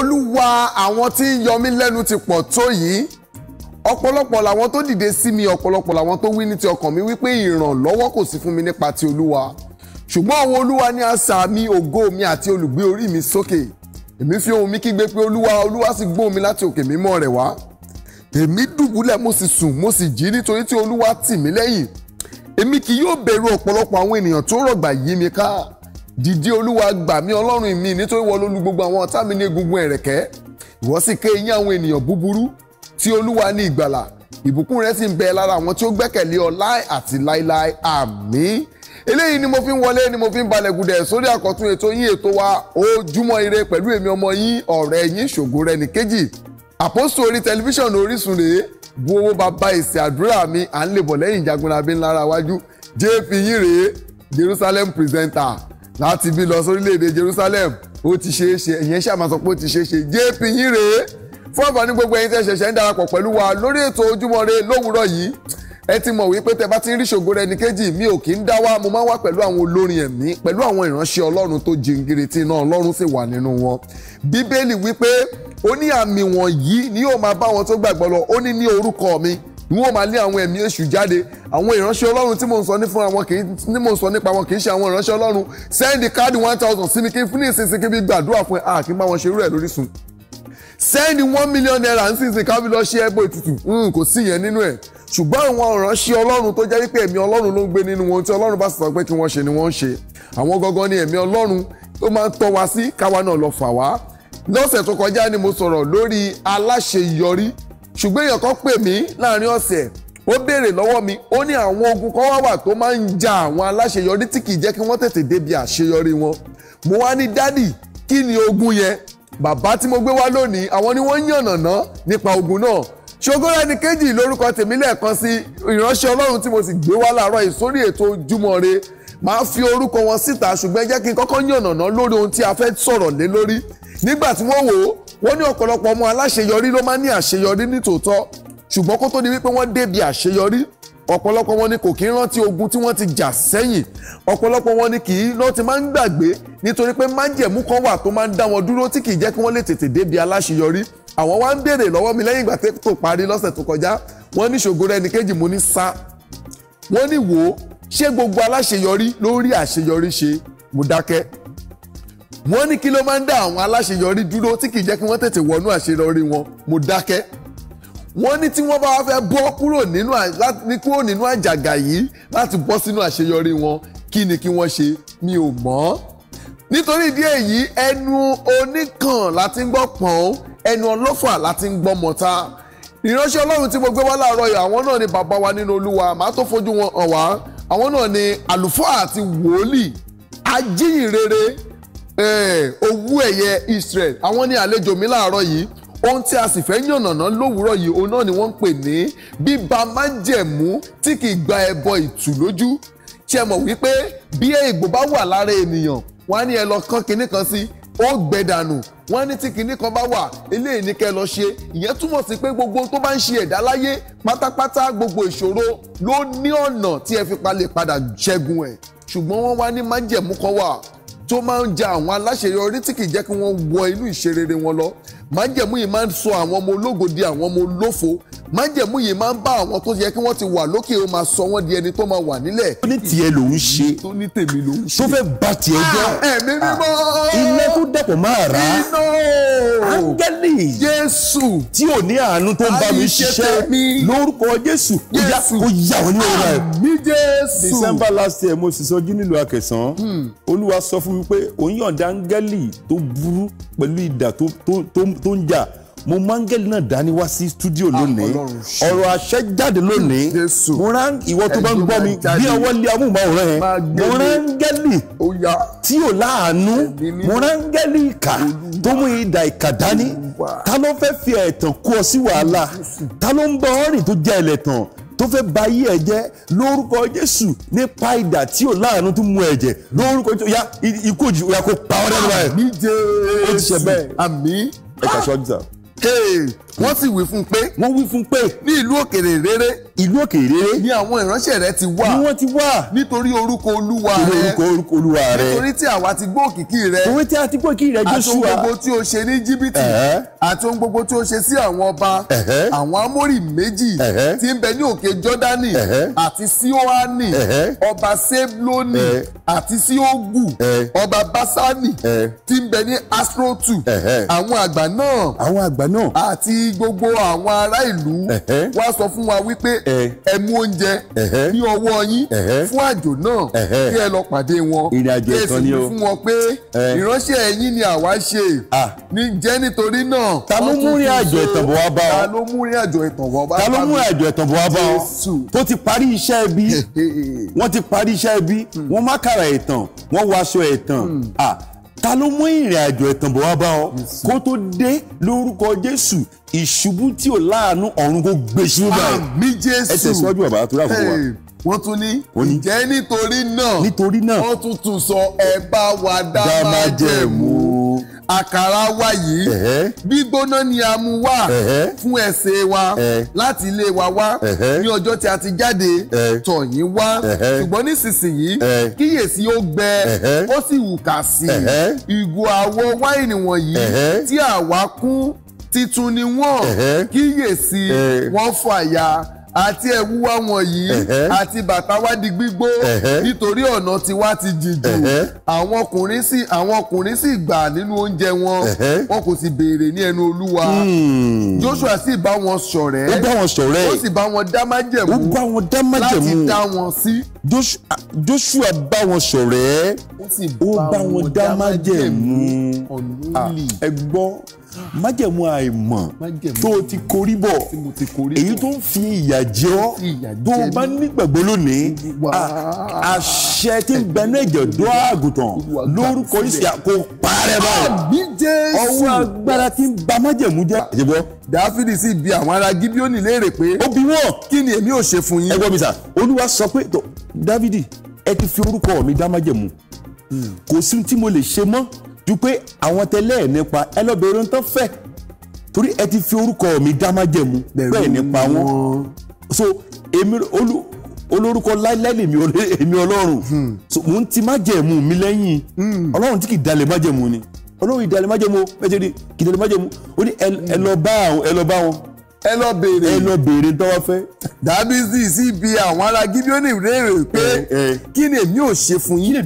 olúwa àwọn tí ń yọ mí lẹ́nu ti pọ̀ tó yìí ọ̀pọ̀lọpọ̀ làwọn tó dìde sí mi ọ̀pọ̀lọpọ̀ làwọn tó wí ní ti ọkàn mi wípé ìrànlọ́wọ́ kò sí fún mi nípa ti olúwa ṣùgbọ́n àwọn olúwa ni asà mi ògo mi àti olùgbé orí mi sókè èmi fi ohùn mi kígbe pé olúwa olúwa sì gbóhùn mi láti òkè mímọ́ rẹ̀ wá èmi dùbúlẹ̀ mo sì sùn mo sì jí nítorí tí olúwa tì mí lẹ́yìn èmi kì yóò bẹ̀rù ọ̀pọ̀lọpọ̀ àwọn ènìyàn tó rọ̀gbà yí mi ká dìde olúwa gbà mí ọlọ́run mi nítorí wọ́n ló lu gbogbo àwọn ọ̀tá mi ní egungun ẹ̀rẹ̀kẹ́ ìwọ sì ké eyín àwọn ènìyàn búburú tí olúwa ní ìgbàlà ìbùkún rẹ sì ń bẹ lára àwọn tí ó gbẹ́kẹ̀lé ọ láì àti láíláí àmín eléyìí ni mo fi ń wọlé ni mo fi ń balẹ̀ gùdẹ̀ sórí àkọ́tún ètò yín ètò wa ojúmọ́ ire pẹ̀lú èmi ọmọ yín ọ̀rẹ́ yín ṣògo rẹ nìkejì àpòsù orí tẹlifíṣàn orísun rèé bu owó bàbá ìsìn àdúrà mi à ń lè bọ̀ lẹ́yìn ìjagunra ńlára wájú jp yín rèé Jerusalem presenter láti bí lọ sórílẹ̀-èdè Jerusalem ó ti ṣe é ṣe ẹ̀yìn ẹ̀ṣẹ̀ àmọ́ sọ pé ó ti ṣe é ṣe JP yín rèé fún àǹfààní gbogbo ẹ̀yin tẹ́ ṣẹ̀ṣẹ̀ ń darapọ̀ pẹ̀lú wa lórí ètò Ojúmọ́ Ire lówùúrọ̀ yìí ẹ ti mọ̀ wípé tẹ bá ti ń rí ṣògo rẹ ní kejì mi ò kì í dá wá mo máa ń wá pẹ̀lú àwọn olórin ẹ̀mí pẹ̀lú àwọn ìránṣẹ́ ọlọ́run tó jìngìrì tí iná ọlọ́run sì wà nínú wọn bíbélì wípé ó ní àmì wọ̀nyí ni yóò máa bá wọn tó gbàgbọ́ lọ ó ní ní orúkọ mi n ó máa lé àwọn ẹ̀mí èṣù jáde àwọn ìránṣẹ́ ọlọ́run tí mò ń sọ ní fúnra wọn kì í ní mò ń sọ nípa wọn kì í ṣe àwọn ìránṣẹ́ ọlọ́run sẹ́ndì káàdì one thousand sí mi kí n fún ní ìsinsin kí n fi gbàdúrà fún ẹ à kí n bá wọn ṣe irú ẹ̀ lórí sùn sẹ́ndì one million naira nísinsìnyí ká fi lọ ṣe ẹbọ ètùtù hmm, kò sí ìyẹn nínú ẹ̀ ṣùgbọ́n àwọn ìránṣẹ́ ọlọ́run tó jẹ́ wípé ẹ̀mí ọlọ́run ló ń gbé nínú wọn tí ọlọ́run bá sọ pé kí wọ́n ṣe ni wọ́n ń ṣe àwọn gangan ni ẹ̀mí ọlọ́run tó máa ń tọ́ wa sí káwa náà lọ fà wá lọ́sẹ̀ tó kọjá ni mo sọ̀rọ̀ lórí aláṣeyọrí ṣùgbọ́n èèyàn kan pè mí láàrin ọ̀sẹ̀ ó béèrè lọ́wọ́ mi ó ní àwọn ogun kan wá wà tó máa ń ja àwọn aláṣeyọrí tí kìí jẹ́ kí wọ́n tètè débi àṣeyọrí wọn mo wá ní dádì kí ni ogun yẹn bàbá tí mo gbé wá lónìí àwọn ni wọ́n yànnàná nípa ogun náà ṣogúnrẹ́ni kejì lórúkọ tèmi lẹ́ẹ̀kan sí ìránṣẹ́ ọlọ́run tí mo sì gbé wá láàárọ̀ yìí sórí ètò Ojúmọ́ Ire máa fi orúkọ wọn síta ṣùgbọ́n jẹ́ kí n kọ́kọ́ yànnàná lórí ohun tí a fẹ́ sọ̀rọ̀ lé lórí nígbà tí wọ́n wò ó wọ́n ní ọ̀pọ̀lọpọ̀ ọmọ aláṣeyọrí ló máa ń ní àṣeyọrí nítòótọ́ ṣùgbọ́n kó tó di wípé wọ́n débi àṣeyọrí ọ̀pọ̀lọpọ̀ wọn ni kò kí ń rántí ogun tí wọ́n ti jà sẹ́yìn ọ̀pọ̀lọpọ̀ wọn ni kì í lọ́ ti máa ń gbàgbé nítorí pé májẹ̀mú kan wà tó máa ń dá wọn dúró tí kì í jẹ́ kí wọ́n lè tètè débi aláṣeyọrí àwọn wá ń béèrè lọ́wọ́ mi lẹ́yìn ìgbà tó parí lọ́sẹ̀ tó kọjá wọ́n ní Ṣògorẹ́nìkejì mo ní sá wọ́n ní wò ó ṣé gbogbo aláṣeyọrí ló rí àṣeyọrí ṣe mo dákẹ́ wọ́n ní kí ló máa ń dá àwọn aláṣeyọrí dúró tí kì í jẹ́ kí wọ́n tètè wọnú àṣeyọrí wọn mo dákẹ́ wọ́n ní tí wọ́n bá wá fẹ́ bọ́ kúrò nínú ní kúrò nínú àjàgà yìí láti bọ́ sínú àṣeyọrí wọn kí ni kí wọ́n ṣe mi ò mọ̀ nítorí ìdí èyí ẹnu oníkàn láti ń gbọ́ pọ̀n ẹnu ọlọ́fà láti ń gbọ́ mọ̀ta ìránṣẹ́ ọlọ́run tí mo gbé wá láàárọ̀ yìí àwọn náà ni bàbá wa nínú olúwa màá tó fojú wọn hàn wá àwọn náà ni àlùfáà àti wòlíì ajíhìnrere Eh, owó ẹ̀yẹ Israel àwọn ní àlejò mi láàárọ̀ yìí ohun tí a sì fẹ́ yànnàná lówùúrọ̀ yìí òun náà ni wọ́n ń pè ní bíba májẹ̀mú tí kì í gba ẹbọ ìtù lójú ṣe mọ̀ wípé bí ègbò bá wà lára ènìyàn wọ́n á ní ẹ lọ kán kinní kan sí ó gbẹ dànù wọ́n á ní tí kinní kan bá wà eléyìí ní kẹ́ lọ ṣe ìyẹn túmọ̀ sí pé gbogbo tó bá ń ṣe ẹ̀dá láyé pátápátá gbogbo ìṣòro ló ní ọ̀nà tí ẹ fi palè padà jẹgun ẹ̀ ṣùgbọ́n wọ́n wá ní májẹ̀mú kan wà tó máa ń ja àwọn aláṣeyọrí tí kì í jẹ́ kí wọ́n wọ inú ìṣerere wọn lọ májẹ̀mú yìí máa ń sọ àwọn ọmọ ológo di àwọn ọmọ olófo májẹ̀mú yìí máa ń bá àwọn tó yẹ kí wọ́n ti wà lókè ó máa sọ wọ́n di ẹni tó máa wà nílẹ̀. tó ní tiẹ̀ lòún ṣe tó ní tèmi lòún ṣe tó fẹ́ ba tiẹ̀ jẹ́ ah, ẹ̀mí ah, mímọ́ iná tó dẹ̀pọ̀ máa rà á áńgẹ́lì jésù tí ò ní àánú tó ń bá mi ṣiṣẹ́ lórúkọ jésù kó yà wọ́n ní òun rẹ̀. àmì jésù december last year mo sì sọjú nílùú akẹ̀sán hmm. olúwa sọ fún mi pé òun yọ̀ǹda áńgẹ́lì tó burú pẹ̀lú idà tó ń jà mo mangeli náà dání wá sí studio ah, lónìí ọ̀rọ̀ àṣẹ jáde lónìí mo rán ìwọ tó bá ń gbọ́ mi bí ọwọ́ lé amúhùnmáwòrán yẹn mo rángẹ́lì tí ò láàánú mo rángẹ́lì ìkà tó mú idà ìkà dání ta ló fẹ́ fi ẹ̀tàn kó ọ sí wàhálà ta ló ń bá ọ rìn tó jẹ́ ẹlẹ́tàn tó fẹ́ ba ayé ẹ jẹ́ lórúkọ Jésù nípa idà tí ò láàánú tó mú ẹ jẹ lórúkọ Jésù ya ikú òjì òyà kó pa ọ́ dẹ́nu báyìí ó ti ṣe bẹ́ẹ̀ ẹ kà sọ́jà wọ́n sì wí fún pé. wọ́n wí fún pé. ní ìlú òkèèrè rere. ìlú òkèèrè rere. ni àwọn ìránṣẹ́ rẹ ti wà. ni wọ́n ti wà. nítorí orúkọ olúwa rẹ. nítorí orúkọ olúwa rẹ. nítorí tí àwa ti gbọ́ òkìkí rẹ. òwe tí a ti gbọ́ òkìkí rẹ Jóṣúà. àti ohun gbogbo tí o ṣe ní jìbìtì. àti ohun gbogbo tí o ṣe sí àwọn ọba. àwọn amórì méjì. tí ń bẹ ní òkè Jọ́dánì. àti Síóánì. ọba Séblónì. àti Síógù. ọba Básánì. tí ń bẹ ní Astrotu. àwọn àgbà náà. àwọn àgbà náà. àti tí gbogbo àwọn ará ìlú wá sọ fún wa wípé ẹ oúnjẹ ní ọwọ́ yín fún àjò náà kí ẹ lọ pàdé wọn kí ẹ sì fún wọn pé ìránṣẹ́ yín ni àwa ṣe jẹ́ nítorí náà. ta ló mú rí àjò ẹ̀tàn bọ̀ wá bá ọ ta ló mú rí àjò ẹ̀tàn bọ̀ wá bá ọ ta ló mú rí àjò ẹ̀tàn bọ̀ wá bá ọ tó ti parí iṣẹ́ ẹbí wọ́n ti parí iṣẹ́ ẹbí hmm. wọ́n má kàrà ẹ̀tàn wọ́n wọ aṣọ ẹ̀tàn hmm ta ló mú ìrìn àjò ẹ̀tàn bọ̀ wá bá ọ kó tó dé lórúkọ jésù ìṣubú tí ò láàánú ọ̀run kó gbé ṣubú báyìí àmì jésù ẹ bàbá tó rà fún wa. wọ́n tún ní ǹjẹ́ nítorí náà nítorí náà wọ́n tún tún sọ ẹ bá wa dá májẹ̀mú àkàrà wa yìí gbígbóná ni a mú wá fún ẹsẹ̀ wa láti ilé wa wá ní ọjọ́ tí a ti jáde tọ̀ yín wá ṣùgbọ́n nísinsìnyí kíyèsí ó gbẹ ó sì wù kà sí ìgò àwọ̀ wáìnì wọ̀nyí tí àwa kún titun ni wọ́n kíyèsí wọ́n fàya àti ẹ̀wù wa wọ̀nyí àti bàtà wa di gbígbó nítorí ọ̀nà tiwa ti jìn jù àwọn ọkùnrin sì àwọn ọkùnrin sì gbà nínú oúnjẹ wọn wọn kò sì béèrè ní ẹnu olúwa hmm. Joshua sì bá wọn ṣọ̀rẹ́ ó bá wọn ṣọ̀rẹ́ ó sì bá wọn dá májẹ̀mú ó bá wọn dá májẹ̀mú láti dá wọn sí. Joshua bá wọn ṣọ̀rẹ́ ó bá wọn dá májẹ̀mú ah, ẹ gbọ́ májẹ̀mú àìmọ̀ tó o ti korí bọ̀ èyí tó ń fi ìyà jẹ ọ́ tó o bá nígbàgbọ́ lónìí àṣẹ tí ń bẹ ní ẹ̀jẹ̀ dọ́ àgùntàn lórúkọ ìsìn àkó parẹ́ báyìí ọwọ́ agbára tí ń ba májẹ̀mú jẹ́. dáfídì sì bi àwọn ará gíbíónì léèrè pé ó bi wọ́n kí ni èmi ò ṣe fún yín. ẹ gbọ́ mi sà olúwa sọ pé dáfídì ẹ ti fi orúkọ mi dá májẹ̀mú hmm. kò sí tí mo lè ṣe mọ́ ju pé àwọn tẹ́lẹ̀ ẹ̀ nípa ẹ lọ bèrè ń tán fẹ́ torí ẹ ti fi orúkọ mi dá májẹ̀mú nípa wọn so èmi olú olórúkọ láíláí lèmi èmi ọlọ́run hmm. so mò ń ti májẹ̀mú mi lẹ́yìn hmm. ọlọ́run tí kì í dalẹ̀ májẹ̀mú ni ọlọ́run ìdalẹ̀ májẹ̀mú bẹ́ẹ̀ ṣe rí kì í dalẹ̀ májẹ̀mú ó ní ẹ lọ bá wọn ẹ lọ béèrè ẹ lọ béèrè tọwọ fẹ. dábìsì sí ibi àwọn ará gíbíọ́nì léèrè pé eh, eh. kí ni èmi ò ṣe fún yín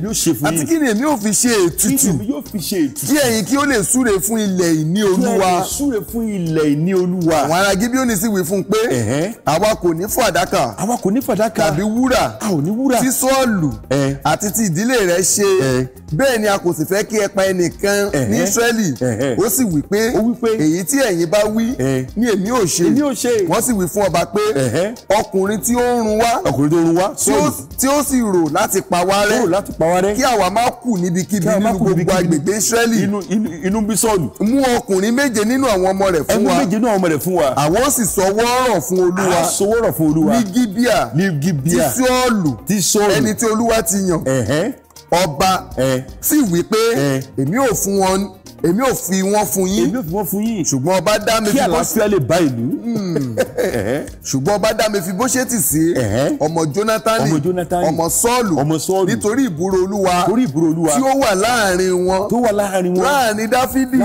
àti kí ni èmi ò fi ṣe ètùtù kí ẹ̀yin kí ó lè súre fún ilẹ̀ ìní olúwa. súre fún ilẹ̀ ìní olúwa. àwọn ará gíbíọ́nì sì wí fún un pé àwa kò ní fàdákà àwa kò ní fàdákà tàbí wúrà tí sọ́ọ̀lù eh. àti ti ìdílé rẹ̀ ṣe bẹ́ẹ̀ ni a kò sì fẹ́ kí ẹ pa ẹnìkan ní Ísírẹ́lì ó sì wí pé èyí tí ẹ̀yin bá wí ni èmi ò ṣe ni ó ṣe. wọ́n sì wí fún ọba pé ọkùnrin tí ó ń run wá ọkùnrin tó ń run wá tí ó sì rò láti pa wá rẹ́ kí àwa má kù níbikíbi nínú gbogbo agbègbè Ísírẹ́lì inú bí sọ́ọ̀nù. mú ọkùnrin méje nínú àwọn ọmọ rẹ̀ fún wa ẹnu méje nínú àwọn ọmọ rẹ̀ fún wa. àwọn sì sọwọ́rọ̀ fún olúwa sọwọ́rọ̀ fún olúwa ní Gíbíà ní Gíbíà tí Sọ́ọ̀lù ẹni tí olúwa ti yàn ọba sì wí pé èmi ò fún wọn èmi ò fi wọ́n fún yín èmi ò fi wọ́n fún yín ṣùgbọ́n ọba dá mi fi bó ṣe kí àlàáfíà lè bá ìlú. Hmm. ṣùgbọ́n ọba dá mi fi bó ṣe tì sí ọmọ Jónátánì ọmọ Sọ́ọ̀lù nítorí ìbúrò Olúwa tí ó wà láàrin wọn láàrin Dáfídì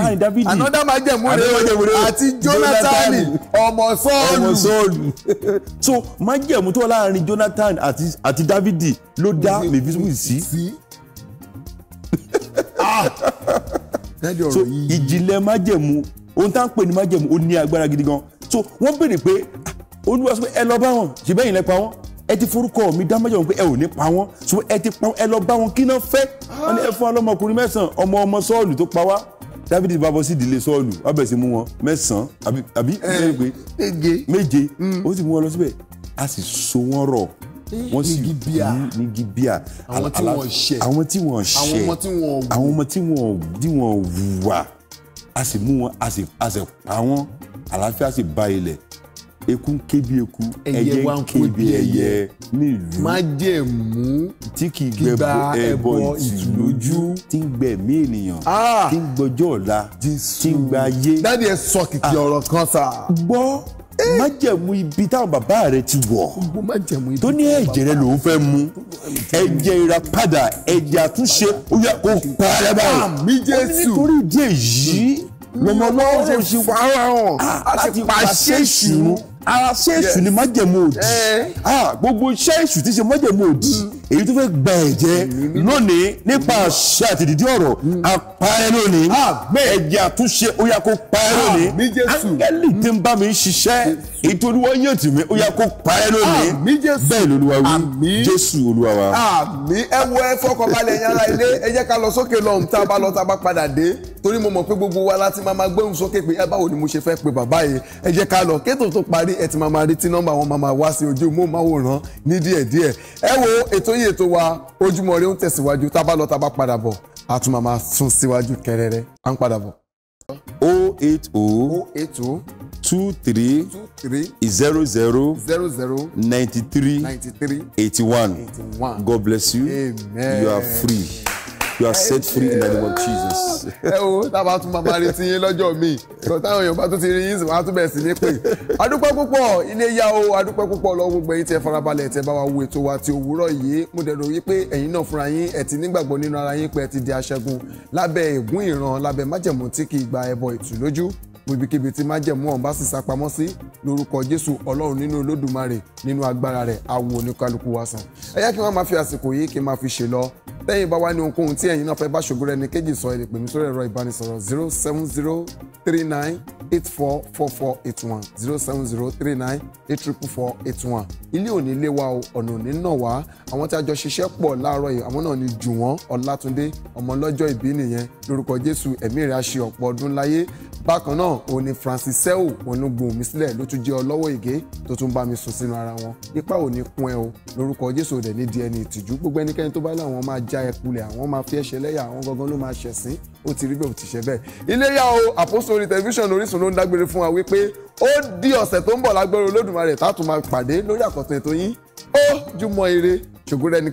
anọ́dá máa jẹ̀mú rẹ̀ àti Jónátánì ọmọ Sọ́ọ̀lù. so májẹ̀mú tó wà láàrin Jónátánì àti Dáfídì ló dá mèfísùmù sí. ah so ìjìnlẹ̀ májẹ̀mú ohun tá à ń pè ní májẹ̀mú ó ní agbára gidi gan so wọ́n béèrè pé olúwa sọ pé ẹ lọ bá wọn ṣe bẹ́yìn lẹ pa wọ́n ẹ ti forúkọ mi dá májẹ̀mú pé ẹ ò ní pa wọ́n so ẹ ti pa ẹ lọ bá wọn kí náà fẹ́ wọn ni ẹ fún ọlọ́mọkùnrin mẹ́sàn-án ọmọ ọmọ sọ́ọ̀lù tó pa wá dávidi bá bọ́ sí ìdílé sọ́ọ̀lù wọ́n bẹ̀rẹ̀ sí mú wọn mẹ́sàn-án àbí méje mm. ó sì mú wọn lọ síbẹ̀ a sì so wọ́n rọ̀ wọ́n sì kú ní gíbíà àwọn tí wọ́n ṣẹ̀ àwọn tí wọ́n ṣẹ̀ àwọn ọmọ tí wọ́n tí wọ́n wùwà a sì mú wọn a sì a sì pa wọn àlàáfíà sì bá ilẹ̀ eku ń ké bí eku ẹyẹ ń ké bí ẹyẹ nílùú májẹ̀mú tí kì í gbẹbọ ẹbọ ìtùlójú tí ń gbẹ̀mí ènìyàn ah! tí ń gbọ́jọ́ ọ̀la tí ń gba ayé. dáàdi ẹ sọ kìkì ah! ọ̀rọ̀ kan sáà. gbọ́ májẹ̀mú ibi táwọn bàbá rẹ ti wọ̀ tó ní ẹ̀jẹ̀ rẹ lòún fẹ́ mu ẹ̀jẹ̀ ìràpadà ẹ̀jẹ̀ àtúnṣe ó yẹ kó pa ẹ báyìí nítorí ìdí èyí lọmọ lọ́wọ́ tó ṣe wàhálà hàn láti pa ṣéṣù ara ṣéṣù ni májẹ̀mú òdì gbogbo ṣéṣù ti ṣe májẹ̀mú òdì. Mm èyí tó fẹ́ gba ẹ̀jẹ̀ lónìí nípa àṣà àti dídí ọ̀rọ̀ apá ẹ lónìí ẹ̀jẹ̀ àtúnṣe ó yá kó pa ẹ lónìí áńgẹ́lì tí ń bá mi ṣiṣẹ́ èyí tó olúwa yàn tì mí ó yá kó pa ẹ lónìí bẹ́ẹ̀ lolúwa wí jésù olúwa wa. àmín ẹ wo ẹ fọkànbalẹ̀ ẹ̀yin ará ilé ẹ jẹ́ ká lọ sókè lọ́hùn tá a bá lọ tá a bá padà dé torí mo mọ̀ pé gbogbo wa láti máa máa gbóhùn sókè pé ẹ báwo ni mo ṣe fẹ́ pe bàbá yìí ẹ jẹ́ ká lọ kétò tó parí ẹ ti máa máa rí tí nọ́mbà wọn máa máa wá sí ojú móhùnmáwòrán ní díẹ̀díẹ̀ ẹ wo ètò yìí ètò wa ojúmọ́ ire ń tẹ̀síwájú tá a bá lọ tá a bá padà bọ̀ a tún máa sún síwájú kẹrẹrẹ à ń padà bọ̀. o oh eight o. Oh o eight o. two three. two three. zero zero. zero zero. ninety three. ninety three. eighty one. eighty one. God bless you. amen. you are free you are set free in the name of Jesus. ẹ o tá a bá tún máa máa retí yín lọ́jọ́ míì sọ táwọn èèyàn bá tún ti rí yín sì wọ́n á tún bẹ̀rẹ̀ sí ní pè. adúpẹ́ púpọ̀ ilé yá o adúpẹ́ púpọ̀ lọ́wọ́ gbogbo yín tí ẹ farabalẹ̀ tẹ́ bá wa wo ètò wa ti òwúrọ̀ yìí mo dẹ̀ rò wípé ẹ̀yin náà fúnra yín ẹ ti nígbàgbọ́ nínú ara yín pé ẹ ti di aṣẹ́gun lábẹ́ ègún ìran lábẹ́ májẹ̀mú tí kì í gba ẹbọ ìtù lójú ibikíbi tí májẹ̀mú ọ̀hún bá sì sápamọ́ sí lórúkọ jésù ọlọ́run nínú olódùmarè nínú agbára rẹ̀ awo oníkálukú wa sàn. ẹ yá kí wọ́n máa fi àsìkò yìí kí n máa fi ṣe lọ tẹ́yìn bá wá ní ohunkóhun tí ẹ̀yin náà fẹ́ bá ṣògo rẹ̀ ní kéjì sọ ẹ lè sórí ẹ̀rọ ìbánisọ̀rọ̀ zero seven zero three nine eight four four four eight one zero seven zero three nine eight triple four eight one ilé òní lé wa o ọ̀nà òní nà wá àwọn tí a jọ ṣiṣẹ́ pọ̀ láàárọ̀ yìí àwọn náà ni Jùwọ́n Ọlátúndé ọmọ ọlọ́jọ́ ìbí nìyẹn lórúkọ Jésù ẹ̀mí rẹ̀ á ṣe ọ̀pọ̀ ọdún láyé bákan náà òun ni Francis Sehu wọn ló gbohùn mi sílẹ̀ ló tún jẹ́ ọlọ́wọ́ ìgé tó tún bá mi sùn sínú ara wọn ipa ò ní kún ẹ o lórúkọ Jésù òdẹ ní di ẹni ìtìjú gbogbo ẹnikẹ́ni tó bá láwọn máa já ẹ kulẹ̀ àwọn máa fi ẹ̀ṣẹ̀ lẹ́yà àwọn gangan ló máa ṣẹ̀sín ó ti rí bẹ́ẹ̀ ó ti ṣe bẹ́ẹ̀ iléyà o àpòsórí tẹlifíṣàn Orísun ló ń dágbére fún wa wípé ó di ọ̀sẹ̀ tó ń bọ̀ lágbára Olódùmarè tá a tún máa pàdé lórí àkọ́tún ètò yín ó jùmọ̀ ire ṣògo rẹ̀ ní